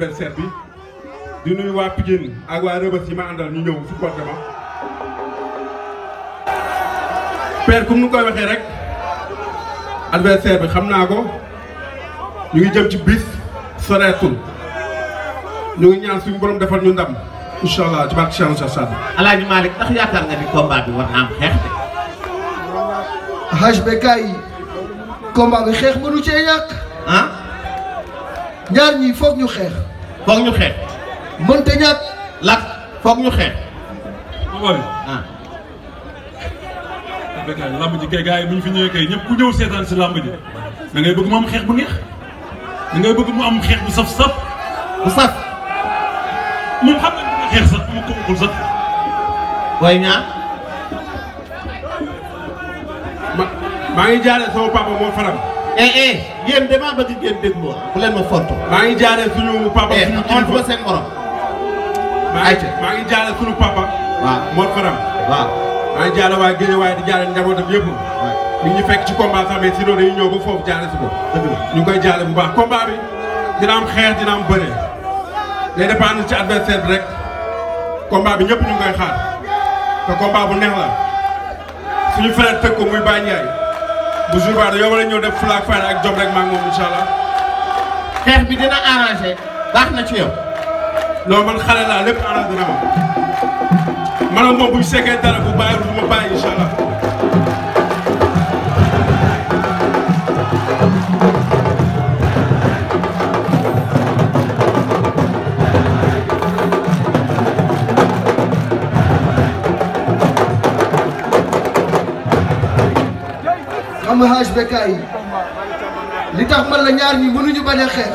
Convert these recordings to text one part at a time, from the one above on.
adversaire bi di nuyu waa Pikine ak waa Rebeuss yi ma àndal ñu ñëw supporté ma père comme nu koy waxee rek adversaire bi xam naa ko ñu ngi jëm ci bis soreetul ñu ngi ñaan suñu borom defal ñu ndam incha allah ci barke Cheikh Moussa Sall. Alaaji Malick ndax yaakaar nga ni combat bi war na xeex de. Haj Bekay combat bi xeex mënu cee ñàkk. ah. ñaar ñii foog ñu xeex. foog ñu xeex mënta ñàkk lakk foog ñu xeex. booboo bi ah. xam ji kay gars yi bu ñu fi ñëwee kay ñëpp ku ñëw seetaan si lamb ji da ngay bëgg mu am xeex bu bëgg mu am xeex bu saf saf bu saf. moom xam nga dina xeex sax mu ko sax. booy ñaar. maa ngi jaaree sama papa moo faram. eh eh. yéen damaa bëgg ngeen déglu ma bu leen ma forto maa ngi jaale suñu papa eh, suñu kilifa ma seen morom. ayca maa ngi jaale suñu papa. waaw Mor Faram. waaw maa ngi jaale waa Guèye waaye di jaale njabootam yëpp. ñu ngi fekk ci combat sax mais sinon dañuy ñëw ba foofu jaale si ko. ñu koy jaare bu baax combat bi dina am xeex dina am bëre. day dépendre ci adversaire bi rek. combat bi ñëpp ñu ngi koy xaar. te combat bu neex la. suñu frère tëgg ko muy Baye Ndiaye. bu jour ba yow la ñëw def flag fine ak job rek maa ngi moom allah. xeex bi dina arrangé baax na ci yow. non man xale laa lépp arrangé na ma. man bu sekkee dara bu bàyyi du ma bàyyi Orange Bécaye li tax man la ñaar ñi mënuñu bañ a xeex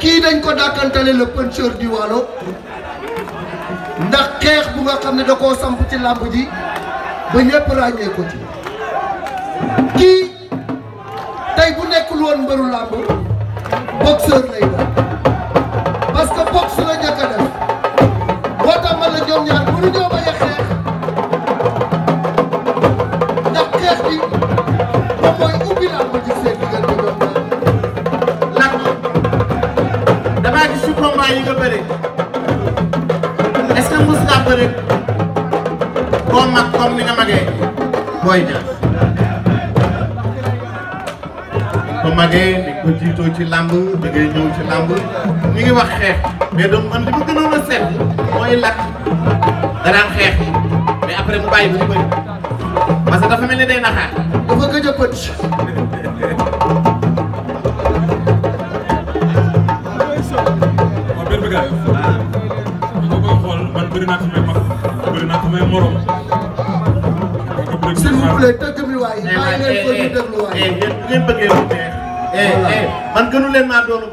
kii dañ ko dàkkantale la puncheur du Waalo ndax xeex bu nga xam ne da koo samp ci làmb ji ba ñëpp ràññee ko ci kii tey bu nekkul woon mbëru làmb koy def ko magee ni ko jiitoo ci làmb da ngay ñëw ci làmb ñu ngi wax xeex mais donc man li ma a seet mooy lakk danaan xeex yi après mu bàyyi ba ñu bëri parce que dafa mel ni day naxaar dafa gëj a pëcc waaw benn bi gars yi. waaw ñu ko koy xool s'il vous plaît tëgg mi waay bàyyi leen ko ñu déglu waay ngeen bëggee mu neex man gënu leen maa doonu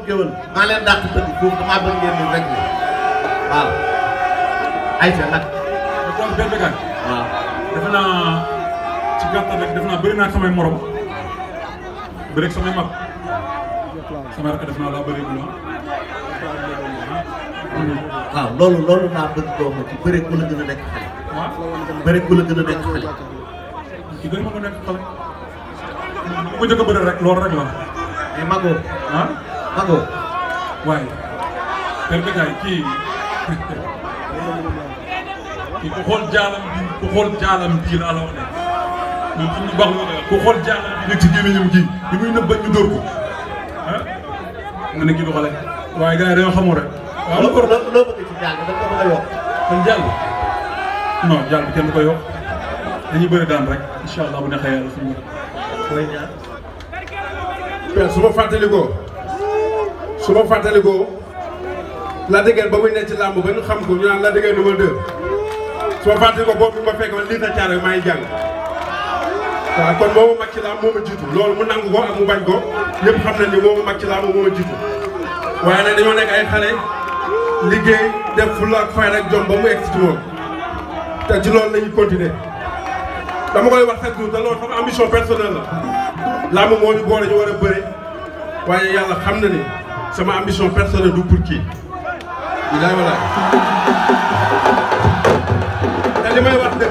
maa leen dàq tëgg foofu damaa bëgg ngeen ni rek waaw ayca nag kon benn kan waaw defe naa ci samay morom bëri samay mag samay rakk def naa laa bëri bu waaw loolu loolu naa bëgg dooma ci bëri ku la gën a nekk xale bëri ku la ci bëri ma ko nekk xale. bu ko njëkk a bëri rek loolu rek la. mais Mago. ah Mago. waaye. Père Bécaye kii kii ku xool jaalam bi ku xool jaalam bii la ala wax ne ñun suñu baax la ku xool jaalam bi nekk ci gémmiñam ji li muy nëbba ñu dóor ko ah nga ne kii du xale. waaye gars yi dañoo xamul rek. waaw loo bëgg ci jaal bi da nga ko bëgg a yokk. kon jaal bi non jaal bi kenn du ko yokk. dañuy bëri daan rek incha allah bu neexee yàlla suñu booy ñaar. mais su ma fàttalikoo su ma fàttalikoo la dëgër ba muy nekk ci làmb ba ñu xam ko ñu naan la dëgër numéro 2 su ma boo boobu ma fekk man lii na caare maa ngi jàng waaw kon moo ma mag ci làmb moo jiitu loolu mu nangu ko ak mu bañ ko ñëpp xam nañ ni moo ma ci làmb moo jiitu waaye nag dañoo nekk ay xale liggéey def fulla ak fayda ak jom ba mu egg ci moom te ci loolu la ñuy continuer. dama koy wax chaque jour te loolu sama ambition personnelle la làmb moo ñu boole ñu war a bëre waaye yàlla xam na ni sama ambition personnelle du pour kii li laay walaay te li may wax dëgg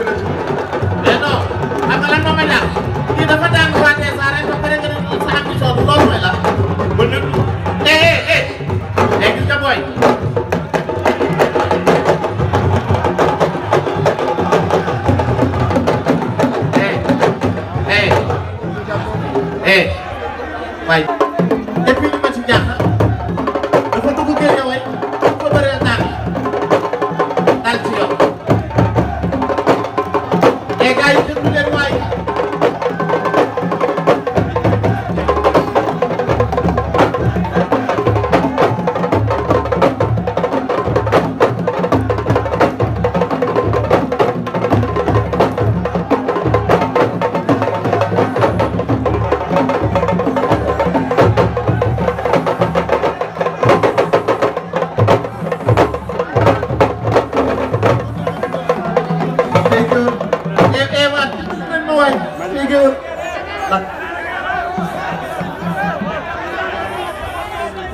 nag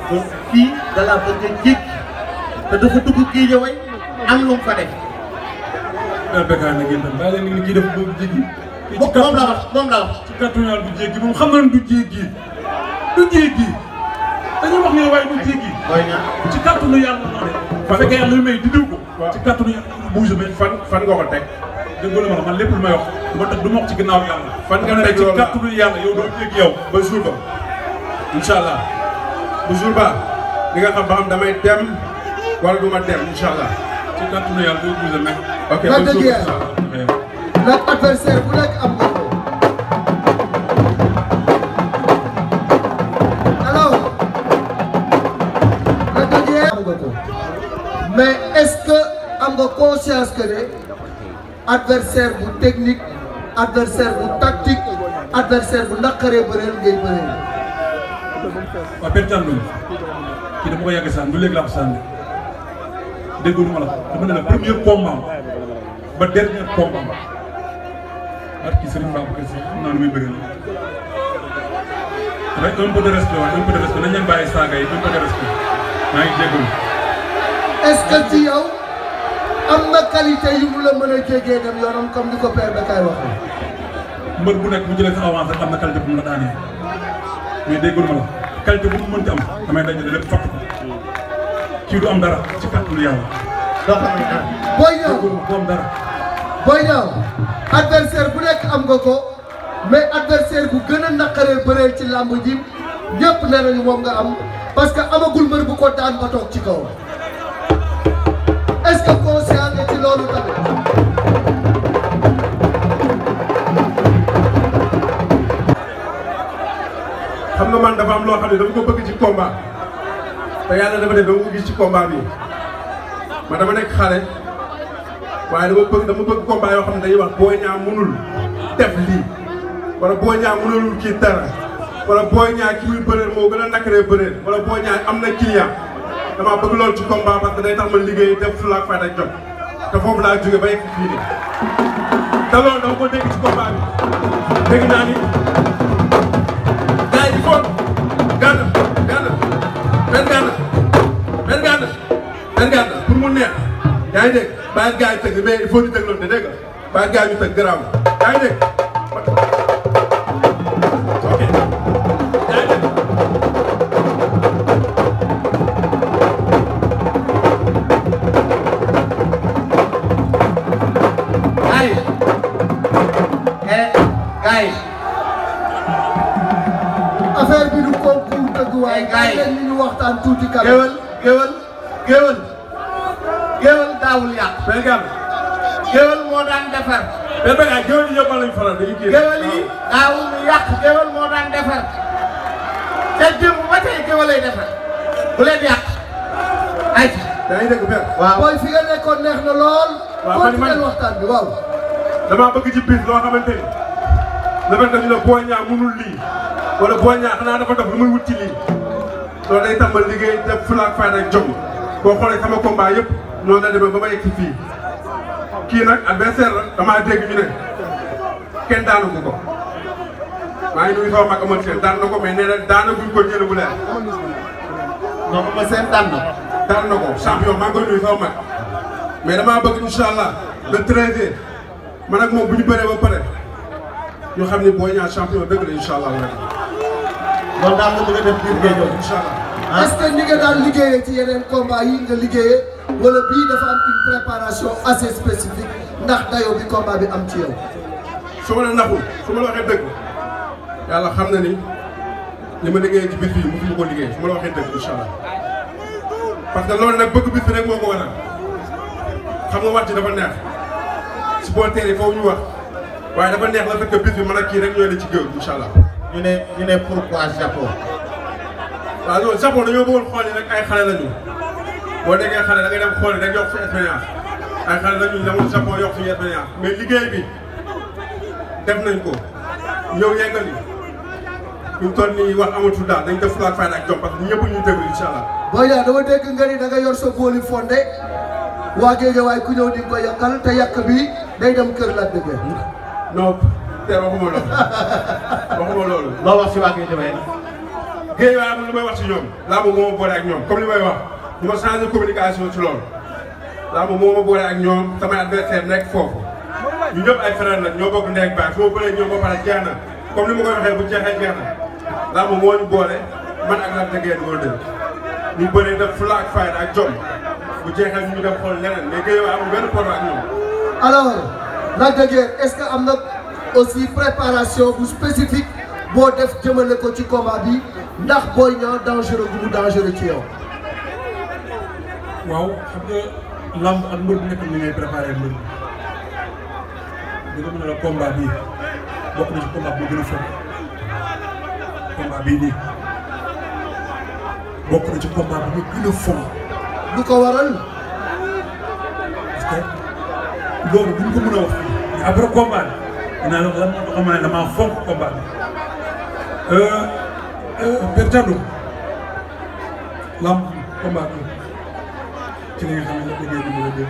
donc kii da laa bëgg a jékki te dafa dugg kii ñëwee am lu mu fa def. waaw ah, béykat na ngeen doon bàyyi leen ni kii dafa bëgg jéggi. moom la wax moom la wax ci kàttu ñaar du jéggi moom xam nañ du jéggi du jéggi dañuy wax ne waaye du jéggi. mooy ñaar ci kàttu nu yàlla noonu de. bu fekkee yàlla lu may di diw ko. ci kàttu nu yàlla buuse bi fan fan nga ko teg dégg nga lu ma wax man lépp lu may wax. ba tëdd du ma ci ginnaaw yàlla. fan nga yàlla yow doo yëg yow ba jour ba. incha allah bu jour ba di xam ba xam damay dem wala du dem incha allah. ci kàttanu yàlla doo gis ne. ok adversaire bu nekk am nga ko. mais est am nga conscience que adversaire bu technique adversaire bu tactique adversaire bu naqaree bëreel ngay bëreel. waaw benn temps loolu kii dama ko yàgg saan du léegi laa ko saan dégg nga ma la dama ne la premier combat ba dernier combat ba kii Serigne Babacar Sy xam naa lu muy bëri la. un peu de respect waaye un peu de respect nañ leen yi maa yow. am na qualité yu mu la mën a jégee dem yoonam comme ni ko père Bécaye waxee. mbër bu nekk mu jëlee sa avance am na qualité bu mu la daanee mais dégg ma la qualité bu mu mënti am damay dajale lépp fàtt ko kii du am dara ci kàttanu yàlla. dox na booy ñëw booy ñëw adversaire bu nekk am nga ko mais adversaire bu gën a naqaree bëreel ci làmb ji ñëpp nee nañu moom nga am parce que amagul mbër bu ko daan ba toog ci kaw xam nga man dafa am loo xam ne dama ko bëgg ci combat te yàlla dafa def dama ko gis ci combat bi ma dama nekk xale waaye dama bëgg dama bëgg combat yoo xam ne dañuy wax Boy Niang mënul def lii wala Boy Niang mënulul kii dara wala boo Niang ki muy bëreel moo gën a nakkaree bëreel wala Boy Niang am na client dama bëgg loolu ci combat parce que day tax ma liggéey def fulaak fayda jot te foofu laa jóge ba yegg fii nii te loolu dama ko dégg ci combat bi dégg naa ni gars yi foofu gànn gànn benn gànn benn gànn benn gànn pour mu neex yaa ngi dégg bàyyi gars yi tëgg mais il faut ñu tëgg loolu de dégg nga bàyyi gars yi ñu tëgg garaam yaa ngi waxtaan tuuti kanam. géwél géwél géwél. géwél daawul yàq. mais gàll. géwél moo daan defar. mais béykat yi géwél yi ñëpp lañ faral dañuy génn. géwél yi ah. daawul yàq géwél moo daan defar. te démb ba tey géwél lay defar. bu leen yàq. ay. da ngay dégg benn. waaw booy fi nga nekkoon neex na lool. waaw man man waxtaan bi waaw. damaa bëgg ci bis loo xamante ni. dafa dañu la booy ñaa mënul lii. wala booy ñaa xanaa dafa dof lu muy wut ci lii. loolu day tax ma liggéey def fulaak fayda ak jom boo xoolee sama combat yëpp noonu la demee ba ma yegg fii kii nag a la damaa dégg ñu ne kenn daanagu ko maa ngi nuyu sama mag amal seen daan na ko mais nee na daanaguñ ko jëlee bu leer. non ma seen daan na. daan na ko champion maa ngi koy nuyu sama mag damaa bëgg incha allah le treize man ak moom bu ñu bëree ba pare ñu xam ni boo ñaar champion dëgg la incha allah. loolu daa ko bëgg a def biir géej incha allah. Ah. est ni nga daan liggéeyee ci yeneen combat yi nga liggéeyee wala bii dafa am une préparation assez spécifique ndax dayoo bi combat bi am ci yow. su ma la naxul su ma la waxee dëgg yàlla xam na ni li ma liggéeyee ci bis bii mosuma ko liggéey su ma la waxee dëgg incha parce que loolu nag bëgg bis rek moo ko waral xam nga wàcc dafa neex supporters yi foofu ñu wax waaye dafa neex la fekk bis bi man ak kii rek ñooy ci géew incha ñu ne ñu ne pourquoi Japon waaw loolu Japon dañoo bëggoon xool rek ay xale lañu boo déggee xale da ngay dem xool rek yokk fi expérience ay xale lañu demul Japon yokk fi expérience mais liggéey bi def nañ ko yow yeggali ñu toll nii wax amatul daal dañ def fulaak fayda ak jom parce que ñëpp ñu déglu incha allah. booy yaa dama dégg nga ni da nga yor sa booli fonde waa géej waaye ku ñëw di ko yàqal te yàq bi day dem kër la dëgg. non te waxuma loolu. waxuma loolu. loo wax si waa Guédiawaye nag. Guédiawaye amul lu may wax si ñoom. laa moom moo boole ak ñoom comme li may wax du ma changer communication ci loolu. laa moom moo ma boole ak ñoom samay adversaire nekk foofu. ñu ñëpp ay frère la ñoo bokk ndeg baax su ma bëree ñoom ba pare jeex na comme ni ma koy waxee bu jeexee jeex na laa moom moo ñu boole man ak Lac de Guiers moo dëgg. ñu bëree def fulla ak fayda ak jom bu jeexee ñu dem xool leneen mais Guédiawaye amul benn problème ak ñoom. alors ce que am na. aussi préparation bu spécifique boo def jëmale ko ci combat bi ndax Boy Niang dangereux bu mu ci yow. waaw xam nga lamb ak mbër bu nekk ni ngay préparé mbër bi. dina mën a la combat bii bokk na ci combat bu nii bokk na ci combat ko waral. parce que loolu ko mën a wax après combat. dinaa la ko damaa fonk combat bi. Bertando euh, euh, lamb combat bi ci li nga xam ne dañoo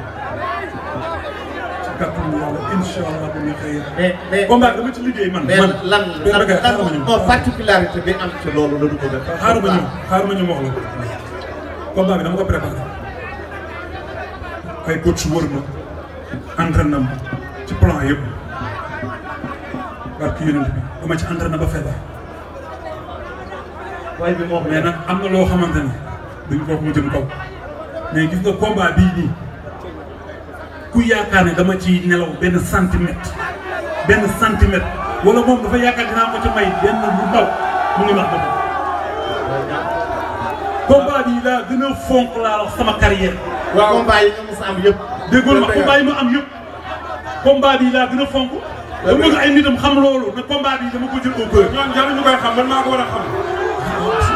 ci kàttanu yàlla incha allah dañuy xëy. mais mais dama ci liggéey man. man lan lan particularité bi am ci loolu la du ko def. xaaral ma ñëw xaaral ma la combat dama ko préparé ay coach wër ma entraînement ci plan yëpp. barke yonent bi ci entraîné ba feebar. waaye bi moo mais nag am na loo xamante ni duñ ko mu jëm kaw mais gis nga combat bii nii ku yaakaar ne dama ci nelaw benn centimètre benn centimètre wala moom dafa yaakaar dinaa ko ci may benn bu ndaw mu ngi wax dëgg. combat bi laa gën a fonk laa sama carrière. waaw combat yi nga mos am yëpp. déggoo ma combat yi ma am yëpp. combat bi laa gën a fonk. da bëgg ay nitam xam loolu ne combat bi dama ko jël au cœur. ñoom jaruñu koy xam man maa ko war a xam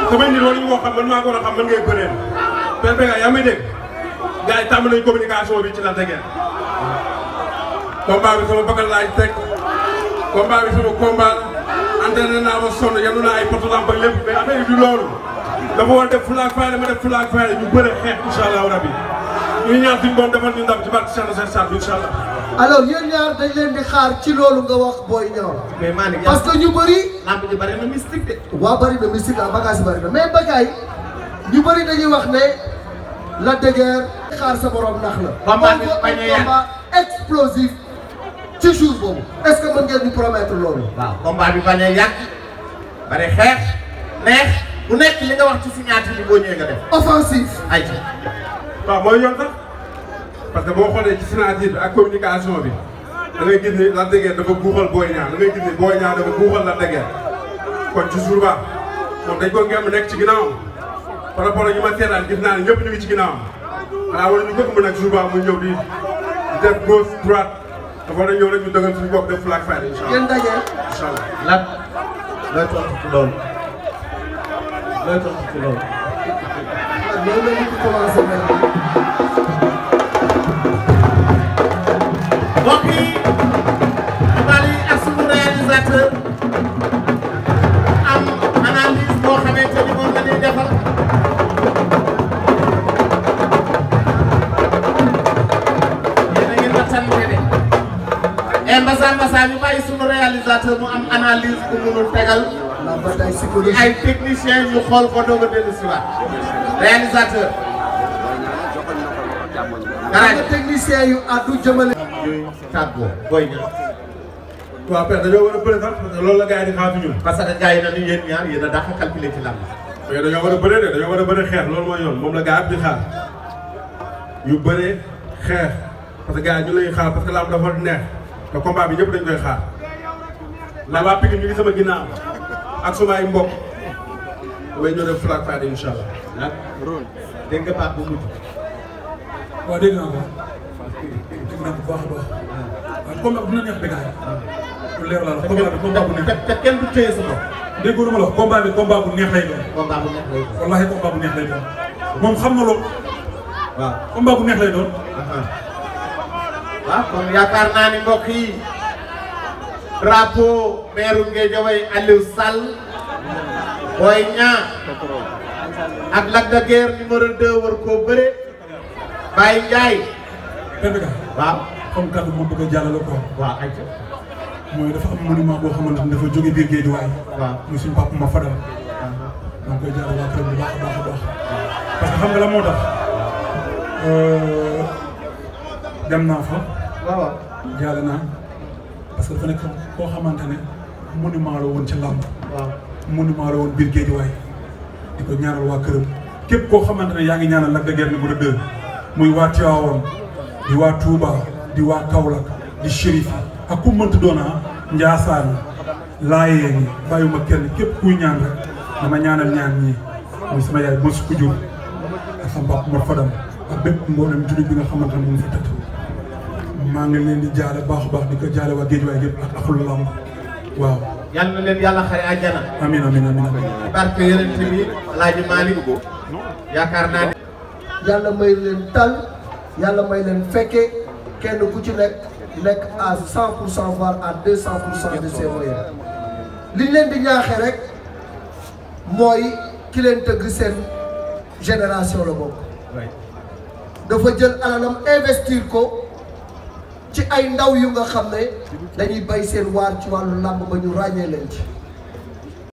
samay nit waruñu koo xam man maa ko war a xam man ngay bëreel. PPK yaa may dégg gars yi tàmm nañu communication bi ci la tegeel. combat bi sama bakkan laay teg combat bi sama combat entraîné naa ba sonn yanu naa ay poto lampe lépp mais affaire bi du loolu. dafa war def fulaak faayda ma def fulaak faayda ñu bëre xeex incha allahu rabi ñuy ñaan suñu borom defal ñu ndam ci barke Cheikh Nassar Sarr incha allah. alors yéen ñaar dañ leen di xaar ci loolu nga wax booy ñor. mais Malick parce que ñu bëri. lamb ji bëri na mystique de. waaw bëri na mystique mais bagaay ñu bëri dañuy wax ne la dëgër xaar sa borom ndax la. ba combat explosif boobu est que mën ngeen bi bañ a yàq bari xeex neex bu nekk li nga wax ci signature bi boo ñëwee nga def. offensive. ayca waaw mooy yoon sax. parce que boo xoolee ci signature bi ak communication bi da ngay gis ni Lac de Guiers dafa guuxal Boy Niang da ngay gis ni Boy Niang dafa kon ci jour ba moom dañ ko gëm nekk ci ginnaawam par rapport ak ñu ma seetaan gis naa ne ñëpp ñu ngi ci ginnaawam xanaa wala ñu bëgg mu nekk jour ba mu ñëw di def gauche droite dafa war a ñëw rek ñu flag fight incha allah. yéen Lat looy tontu ci loolu looy tontu ci mbokk yi xibaar yi ak suñu réalisateur am analyse boo xamante ni moom la defal a ngi nattante de e eh, mbasa mbasa ñu bàyyi suñu réalisateur mu am analyse bu munul tegal ay technicien ñu xool ko doog a dellu si waat réalisateur technicien yu addu jëmale ñuy tàggoo booy ñaar. waaw père dañoo war a bëri sax parce que loolu la gars yi di xaar fi ñun. parce que yi a dàq a làmb. mais dañoo war a bëri de dañoo war a bëri xeer loolu mooy yoon moom la gars yi di xaar yu bëri xeex parce que gars yi ñu lay xaar parce que làmb dafa neex te combat bi ñëpp dañ koy xaar ndax waa ñu ngi sama ginnaaw ak suma ay mbokk damay ñëw def flag fight incha allah. naa bu baax a doon. moom xam na loolu. waaw combat bu neex doon. Uh-huh. waaw kon yaakaar naa ni mbokk yi drapeau maire Guédiawaye Aliou Sall Boy Niang ak Lac de Guiers war koo bëre Baye Ndiaye. benn gars. waaw comme kàddu moo bëgg a la ko. waaw ayca. mooy dafa am monument boo xamante dafa jóge biir géej waay. waaw muy suñu papa uh-huh. ma koy jàllale waa kër bu baax baax baax. parce que xam nga la moo tax. Euh, dem naa fa. waaw naa. parce que dafa nekk koo xamante ne monument la woon ci làmb. waaw la woon biir géej waay. di ko ñaanal waa këram. képp koo xamante ne yaa ngi ñaanal Lac de Guiers numéro 2 muy waa Tivaouane. di waa Touba di waa Kaolack di Chérif ak ku mënta doon ah Ndiassane laayee ni bàyyiwuma kenn képp kuy ñaan rek dama ñaanal ñaan ñii mooy sama yaay Moussa Koudiour ak sama papa Mor Fadam ak bépp mboolem jullit bi nga xamante ne moom fi tëdd maa ngi leen di jaale baax a baax di ko jaale waa géej waay yëpp ak axul lamb waaw. yal na leen yaakaar naa ne. yàlla may leen tal. yàlla may leen fekkee kenn ku ci nekk nekk à 100 pour cent voire à 200 pour cent de ses li leen di ñaaxee rek mooy ki leen tëgg seen génération la bokk. dafa jël alalam investir ko ci ay ndaw yu nga xam ne dañuy bay seen waar ci wàllu làmb ba ñu ràññee leen ci.